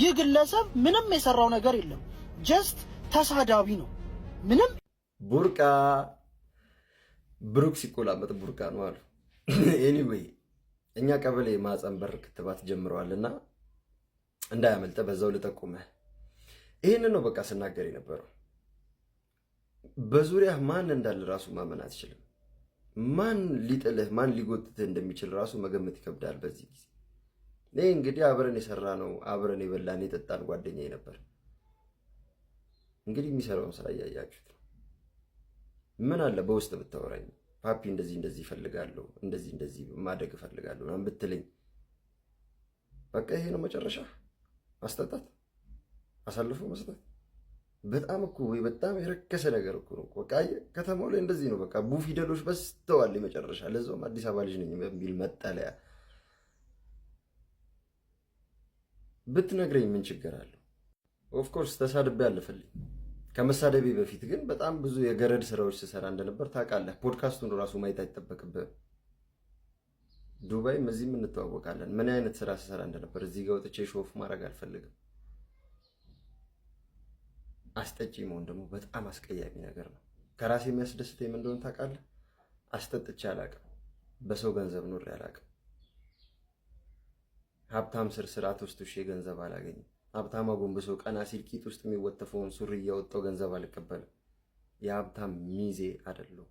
ይህ ግለሰብ ምንም የሰራው ነገር የለም። ጀስት ተሳዳቢ ነው። ምንም ቡርቃ ብሩክ ሲቆላመጥ ቡርቃ ነው አሉ። ኤኒዌይ እኛ ቀበሌ ማህፀን በር ክትባት ጀምረዋልና እንዳያመልጠ በዛው ልጠቁመህ። ይህን ነው በቃ ስናገር የነበረው። በዙሪያ ማን እንዳለ ራሱ ማመን አትችልም። ማን ሊጥልህ ማን ሊጎትትህ እንደሚችል ራሱ መገመት ይከብዳል በዚህ ጊዜ ይህ እንግዲህ አብረን የሰራ ነው፣ አብረን የበላን የጠጣን ጓደኛዬ ነበር። እንግዲህ የሚሰራውን ስራ እያያችሁት ነው። ምን አለ በውስጥ ብታወራኝ ፓፒ እንደዚህ እንደዚህ እፈልጋለሁ፣ እንደዚህ እንደዚህ ማደግ እፈልጋለሁ ምናምን ብትለኝ፣ በቃ ይሄ ነው መጨረሻ፣ ማስጠጣት፣ አሳልፎ መስጠት። በጣም እኮ ወይ በጣም የረከሰ ነገር እኮ ነው። በቃ ከተማው ላይ እንደዚህ ነው። በቃ ቡ ፊደሎች በስተዋል መጨረሻ። ለዛውም አዲስ አበባ ልጅ ነኝ የሚል መጠለያ ብትነግረኝ ምን ችግር አለው? ኦፍኮርስ ተሳድቤ አለፈልኝ። ከመሳደቤ በፊት ግን በጣም ብዙ የገረድ ስራዎች ስሰራ እንደነበር ታውቃለህ። ፖድካስቱን ራሱ ማየት አይጠበቅብህም። ዱባይም እዚህም እንተዋወቃለን። ምን አይነት ስራ ስሰራ እንደነበር እዚህ ጋር ወጥቼ ሾፍ ማድረግ አልፈልግም። አስጠጪ መሆን ደግሞ በጣም አስቀያሚ ነገር ነው። ከራሴ የሚያስደስተኝ ምን እንደሆነ ታውቃለህ? አስጠጥቼ አላቅም። በሰው ገንዘብ ኑር አላቅም። ሀብታም ስር ስርዓት ውስጥ ውሼ ገንዘብ አላገኝም። ሀብታም አጎንብሶ ቀና ሲል ውስጥ የሚወተፈውን ሱሪ እያወጣው ገንዘብ አልቀበልም። የሀብታም ሚዜ አይደለሁ።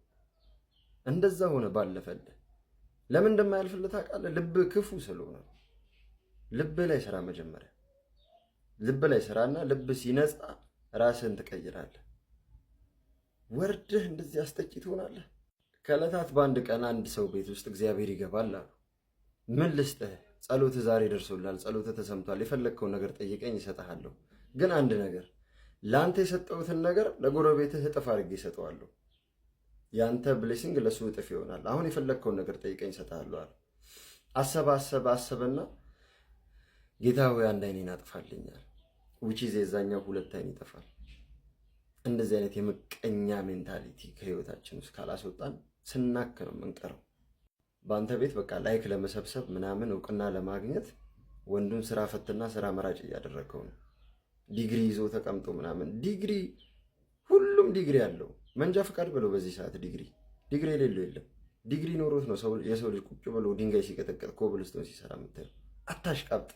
እንደዛ ሆነ ባለፈልህ ለምን እንደማያልፍልህ ታውቃለህ? ልብ ክፉ ስለሆነ ልብ ላይ ስራ መጀመሪያ ልብ ላይ ስራና ልብ ሲነጻ ራስን ትቀይራለህ። ወርድህ እንደዚህ አስጠቂ ትሆናለህ። ከእለታት በአንድ ቀን አንድ ሰው ቤት ውስጥ እግዚአብሔር ይገባል አሉ። ምን ልስጥህ ጸሎት ዛሬ ደርሶላል፣ ጸሎት ተሰምቷል፣ የፈለግከውን ነገር ጠይቀኝ ይሰጠሃለሁ። ግን አንድ ነገር ለአንተ የሰጠሁትን ነገር ለጎረቤትህ እጥፍ አድርጌ ይሰጠዋለሁ። የአንተ ብሌሲንግ ለሱ እጥፍ ይሆናል። አሁን የፈለግከውን ነገር ጠይቀኝ ይሰጠሃለሁ። አሰበ አሰበ አሰበና ጌታ ሆይ አንድ አይኔን አጥፋልኛል። ውጪ የዛኛው ሁለት አይን ይጠፋል። እንደዚህ አይነት የምቀኛ ሜንታሊቲ ከህይወታችን ውስጥ ካላስወጣን ስናክ ነው የምንቀረው። በአንተ ቤት በቃ ላይክ ለመሰብሰብ ምናምን እውቅና ለማግኘት ወንዱን ስራ ፈትና ስራ መራጭ እያደረገው ነው። ዲግሪ ይዞ ተቀምጦ ምናምን ዲግሪ፣ ሁሉም ዲግሪ አለው። መንጃ ፈቃድ ብለው በዚህ ሰዓት ዲግሪ ዲግሪ የሌለው የለም። ዲግሪ ኖሮት ነው የሰው ልጅ ቁጭ ብሎ ድንጋይ ሲቀጠቀጥ ኮብልስቶን ሲሰራ የምታየው። አታሽቃብጥ።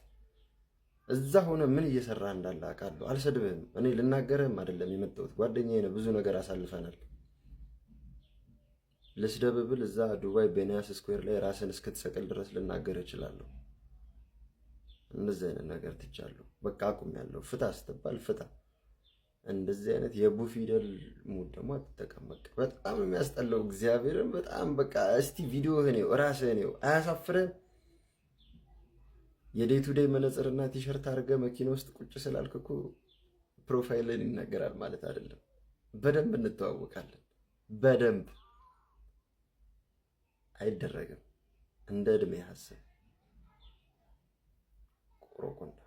እዛ ሆነ ምን እየሰራ እንዳለ አውቃለሁ። አልሰድብህም። እኔ ልናገርህም አይደለም የመጣሁት ጓደኛዬ ነው። ብዙ ነገር አሳልፈናል። ልስደብብል እዛ ዱባይ ቤንያስ ስኩዌር ላይ ራስን እስክትሰቅል ድረስ ልናገር እችላለሁ። እንደዚህ አይነት ነገር ትቻለሁ። በቃ አቁም ያለው ፍታ ስትባል ፍታ። እንደዚህ አይነት የቡ ፊደል ሙድ ደግሞ አትጠቀም። በጣም የሚያስጠለው የሚያስጠላው። እግዚአብሔርን በጣም በቃ እስቲ ቪዲዮ ይኸው፣ ራስ ይኸው፣ አያሳፍርህም? የዴይ ቱ ዴይ መነጽርና ቲሸርት አድርገ መኪና ውስጥ ቁጭ ስላልክ እኮ ፕሮፋይልን ይናገራል ማለት አይደለም። በደንብ እንተዋወቃለን በደንብ አይደረግም። እንደ እድሜ ሀሳብ ቆሮቆንዳ